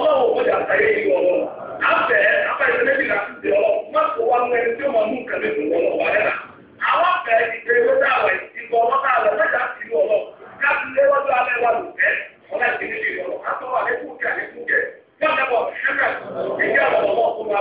ọlọ́wọ́ kó jà yìí wọ̀ wọn. Afẹ́ abẹ́rẹ́ méjì náà ti dè ọ́ má kó ń lẹ́nu tí ó máa mú nǹkan lè dùn wọn wà lẹ́la. Àwọn afẹ́ ìgbé lọ́dọ̀ àwẹ̀ ìgbọ̀ lọ́dọ̀ àwẹ̀ lọ́dọ̀ àti ìlú ọlọ́ káàkiri lé lọ́dọ̀ alẹ́ wa lò ẹ́ ọ̀la ìgbé níbi ìrọ̀lọ́ àtọ́wọ́ àlékún kí àlékún kẹ. Yọ̀ọ̀dà bọ̀ ṣẹ́kẹ̀ ẹ̀jẹ̀ ọ̀rọ̀ ọmọ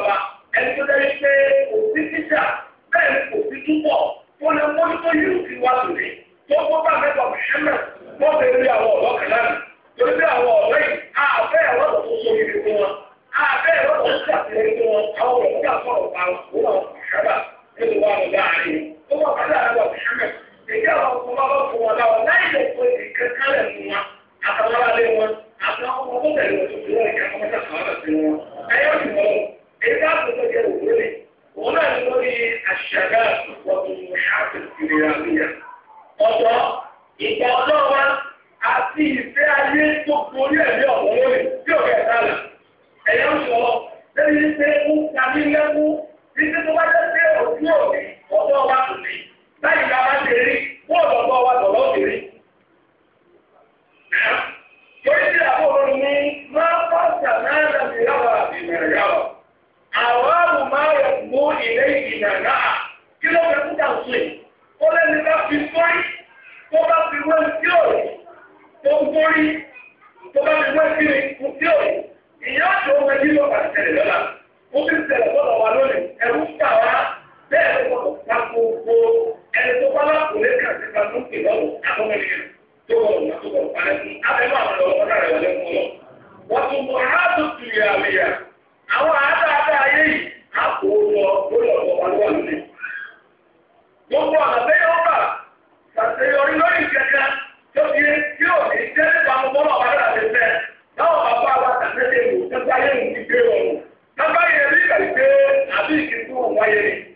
wáyé rẹ̀.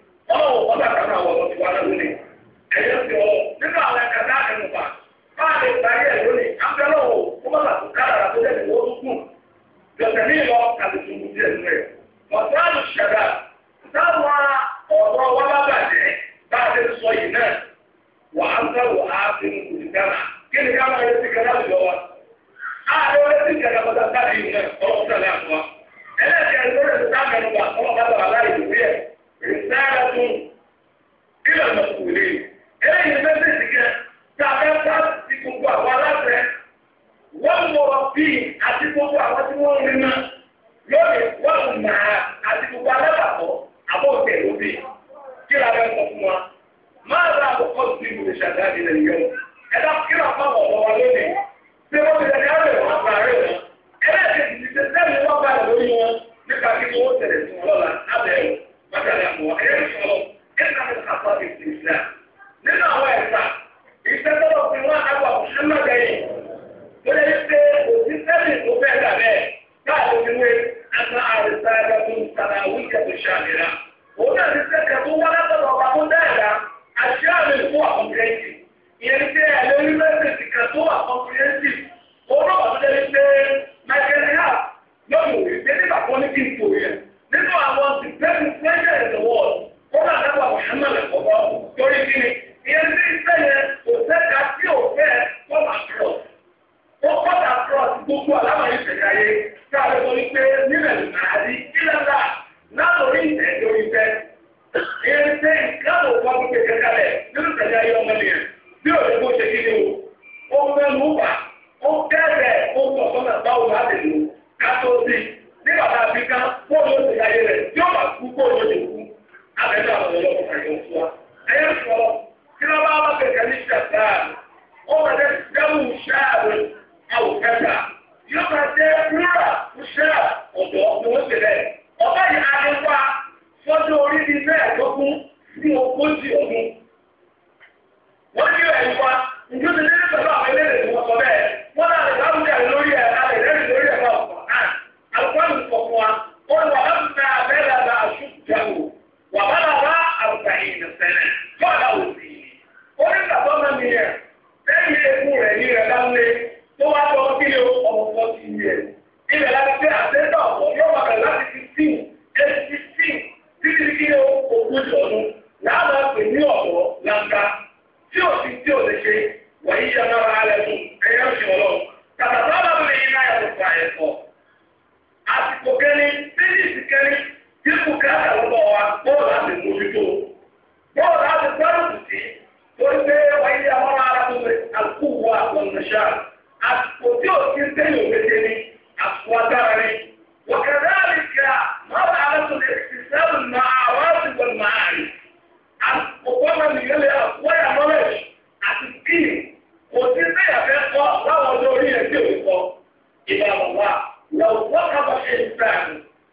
did.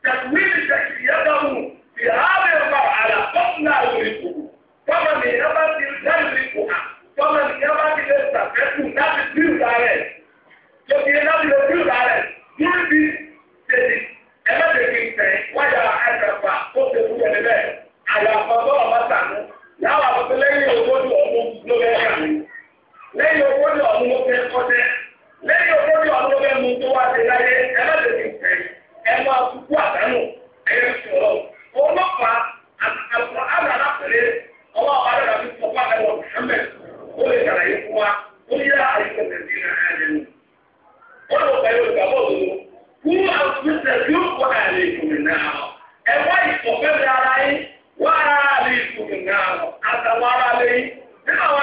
تكوين شخصيته في هذه المرحلة قد لا يدركه فمن يبت يدركها فمن يبت يستفيد that is build direct so the build direct during this you are ẹsẹ̀fà tó ṣe fún ẹni bẹ́ẹ̀ àyàfọ́ tó ọmọ sànú yàrá àbúkú lẹ́yìn owó ní ọdún ló bẹ́ẹ̀ kà mí lẹ́yìn owó ní ọdún ló bẹ́ẹ̀ kọ́jẹ́ ẹ máa kúkú àdánù ẹ̀yẹ sọ̀rọ̀ ọlọ́pàá àtàkùn àgbàlá pèlè ọwọ́ àgbàlá fi sọ fún àgbàlá ó lè ṣàlàyé fún wa ó yẹ àyíkò tẹ̀sí náà ààrẹ nù. wọ́n lọ pẹ̀lú ìgbàgbọ́ àtúntẹ̀ tí ó kọ́ àlè náà ìfọ̀fẹ́ mi ara yín wá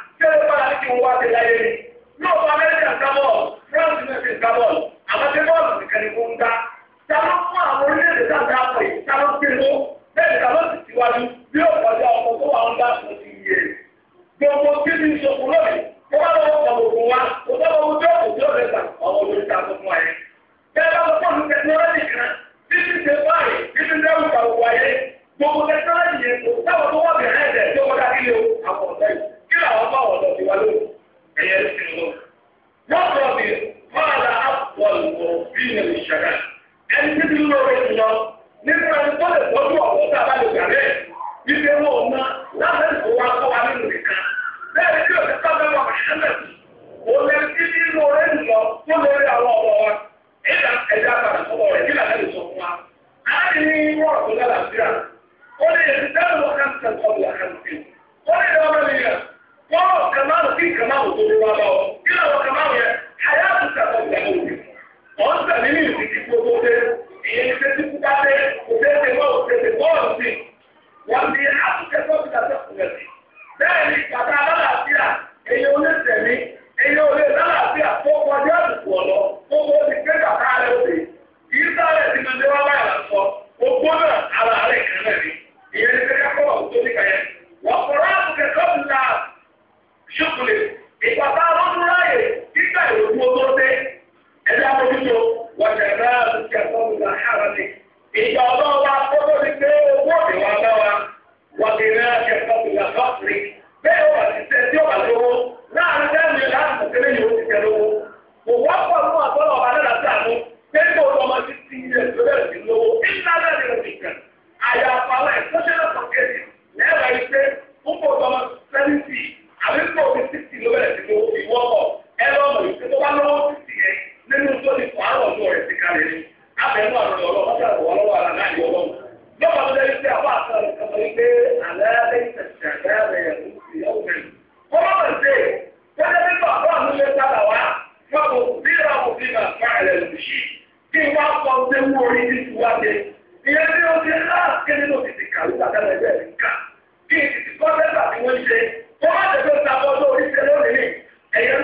kẹ́lẹ́ bá a ti wá ti láyé ni yóò fọ amẹ́ríkà ká bọ́ọ̀lù france náà ti ká bọ́ọ̀lù àwọn ti bọ́ọ̀lù nìkan ni kò ń dá ta ló fún àwọn orílẹ̀-èdè náà dá pè ta ló gbé mú bẹ́ẹ̀ ta ló sì tiwájú bí ó kọjá ọkọ̀ tó wà ń dá fún ti yé gbogbo kí ni ìṣòkò lónìí kó bá lọ́wọ́ ọ̀gbọ̀gbọ̀ wa kó bá lọ́wọ́ tó ọ̀gbọ̀ tó ọ̀gbẹ̀ ẹ̀yin bàbá aláàbíà ẹ̀yin onítẹ̀mí ẹ̀yin olè. kalẹ̀ ní abẹ́nú àrùn ọlọ́run wọ́n ṣàlùwọ́ ọlọ́wọ́ ara náà yọ ọlọ́run. lọ́wọ́ tó lẹ́yìn tí a bá sọ ìkàtọ̀ yìí pé àlẹ́ lẹ́yìn tẹ̀sán àgbẹ̀rẹ̀ yẹn kò sí ọ̀hún mi. wọ́n bá bẹ̀rẹ̀ sí i wọ́n lé nípa àwọn àmúlẹ̀ sábà wá fọ́ọ̀mù bí ìlà kò fi máa fa ẹ̀rẹ̀ lù sí kí wọ́n sọ pé wú orí ní tiwáde. ìyẹn bí ó ti láàkí nínú títí kàlú àtàlẹ́ bẹ́ẹ̀ ní ká kí títí kọ́ńtẹ́tà tí wọ́n ṣe wọ́n má tẹ̀sán ìtàkọ́ lórí ṣe lónìí ẹ̀yẹ́ ń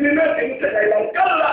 minat ini saya hilangkanlah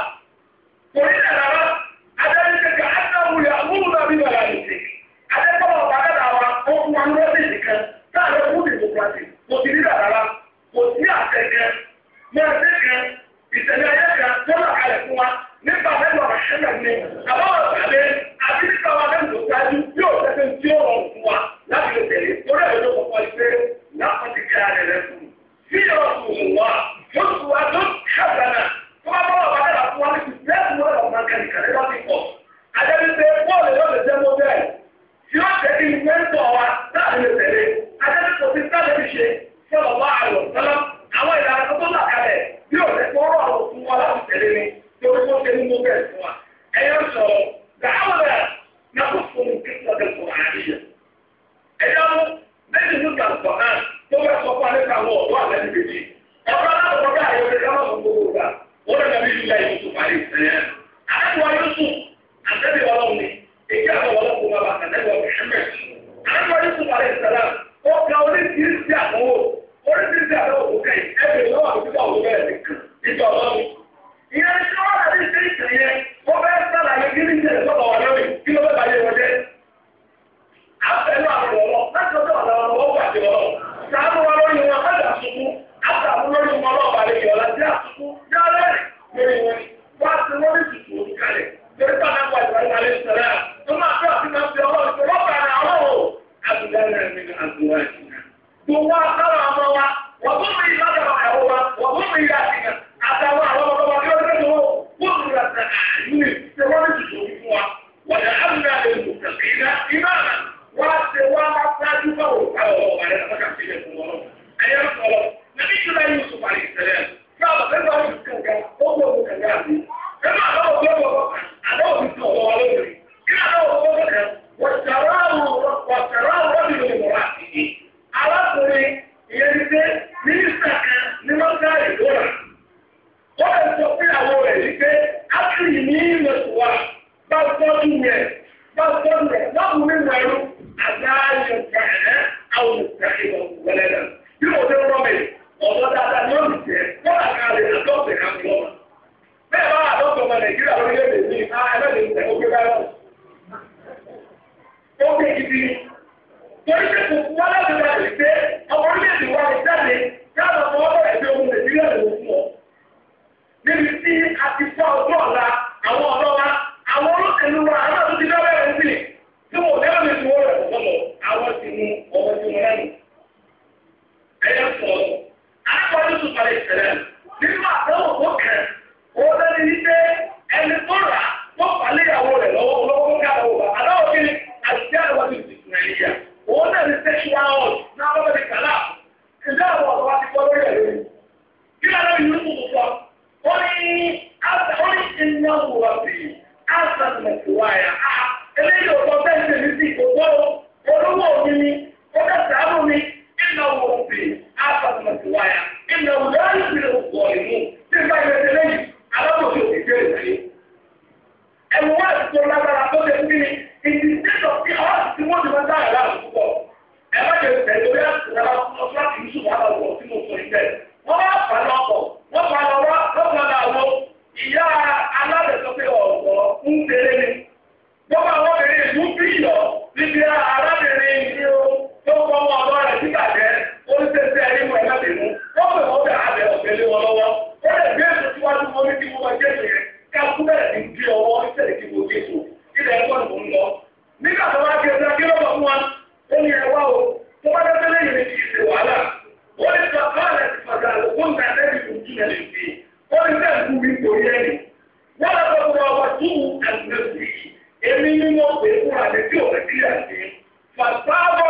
Bíblia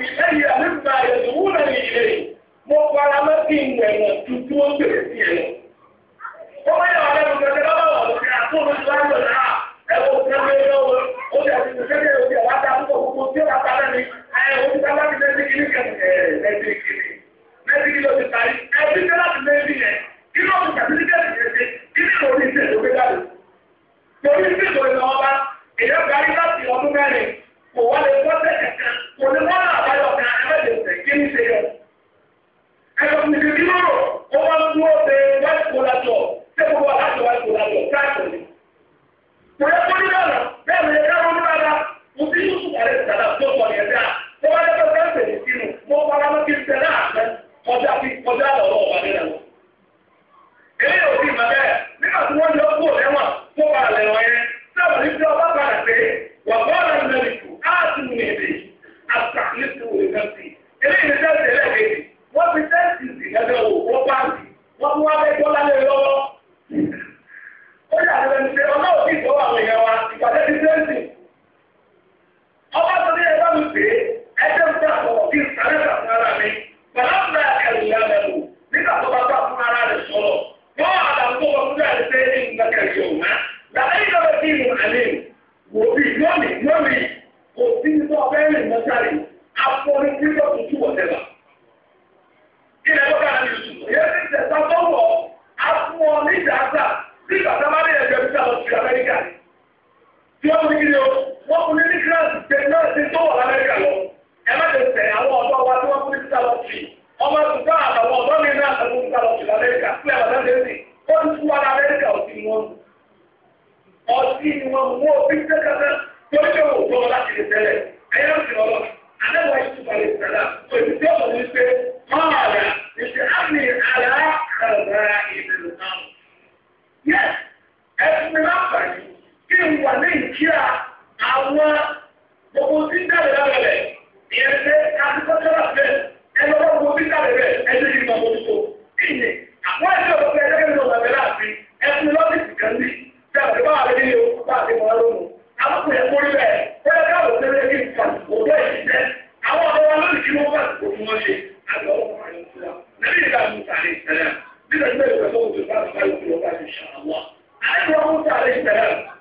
ìlẹ́yìn àlébùnà ẹ̀dùnwó náà ní ìlẹ́yìn mo fara lọ́sí ìwẹ̀nà tuntun ó bèrè sí ẹ̀. ó bá yàrá lẹ́nu kẹ́kẹ́ lọ́wọ́ ọ̀sẹ̀ àtúntò ti láyọ̀ náà ẹ̀wọ̀n kẹ́kẹ́ lọ́wọ́ ó dẹ̀ ti ti kẹ́kẹ́ òkè wá dá púpọ̀ púpọ̀ tí ó bá padà ní ẹ̀ ó ti ta láti lẹ́sí kiri kẹ̀kẹ́ lẹ́sí kiri lẹ́sí kiri ó kò wá lè wọ́n tẹ̀sẹ̀ kan kò ní wọ́n náà bá yọ kan ẹ bẹ́ẹ̀ lè tẹ̀ kí ní ṣe yọ. ẹ̀rọ kùtù bí ló rò ó wá ń dúró de wáyé kó lajọ ṣé gbogbo wa láti wáyé kó lajọ káàkiri ni. kò yẹ kó nílò ọ̀nà bẹ́ẹ̀ mi yẹ ká ronú rárá mo ti yíṣu àrẹ sàdá tó sọ yẹn dáa mo wá lẹ́gbẹ́ fẹ́ǹsì mi sínú mo fara mọ́ kí n tẹ̀ náà kọjá lọ́wọ́ ọ̀bá kálọ̀tì ọmọ ẹ̀kúta àtàwọn ọ̀dọ́ mi náà ẹ̀kún kálọ̀tì lamẹ́ríkà fún ẹ̀rọ lẹ́sẹ̀ẹ́sì ó ń tú wa lamẹ́ríkà ọtí wọn ọtí wọn mú òbí tẹ́kẹ́tẹ́ tó ń yẹ òwúrọ̀ láti lè tẹ́lẹ̀ ẹ̀yẹ́ ń sìn ọlọ́ àlẹ́wà ìtumọ̀ lè tẹ̀lá òbí tí ọmọ mi pé máa rà ìṣe àmì àlá àrà ìbẹ̀rù náà. yẹ ẹ̀sìn láǹfààní kí n wà ní ìkíra àwọn gbogbo tí ń dàgbà rẹ̀ ìyẹn ṣe kásìkọ́tẹ́rà bẹ́ẹ̀ ẹni ọlọ́run mo bí sáré rẹ̀ ẹni yìí lọ fún tó kí ni àwọn ẹgbẹ́ òkú ẹgbẹ́ mi lọ bàbá láàfin ẹkún lọ́sìtì kan ní jáde bá àbẹ nílé o bá àti mọ́ lónìí àwọn kò yẹ kórí bẹ́ẹ̀ bẹ́ẹ̀ ká ló tẹ́lẹ̀ kí n fà òjò ìṣiṣẹ́ àwọn ọmọ wa lónìí kí wọ́n fà kó fún wọn ṣe àgbà ọkùnrin fúra nàbí ìgbà musa àlè ìṣẹ̀lẹ̀ bí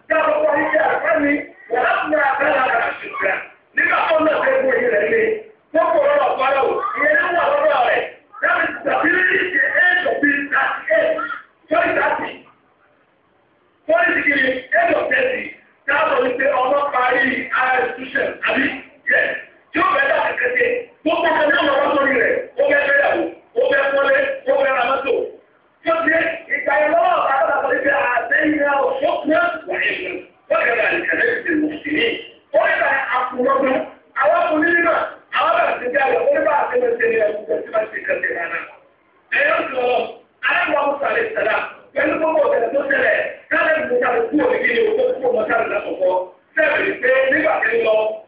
lọ.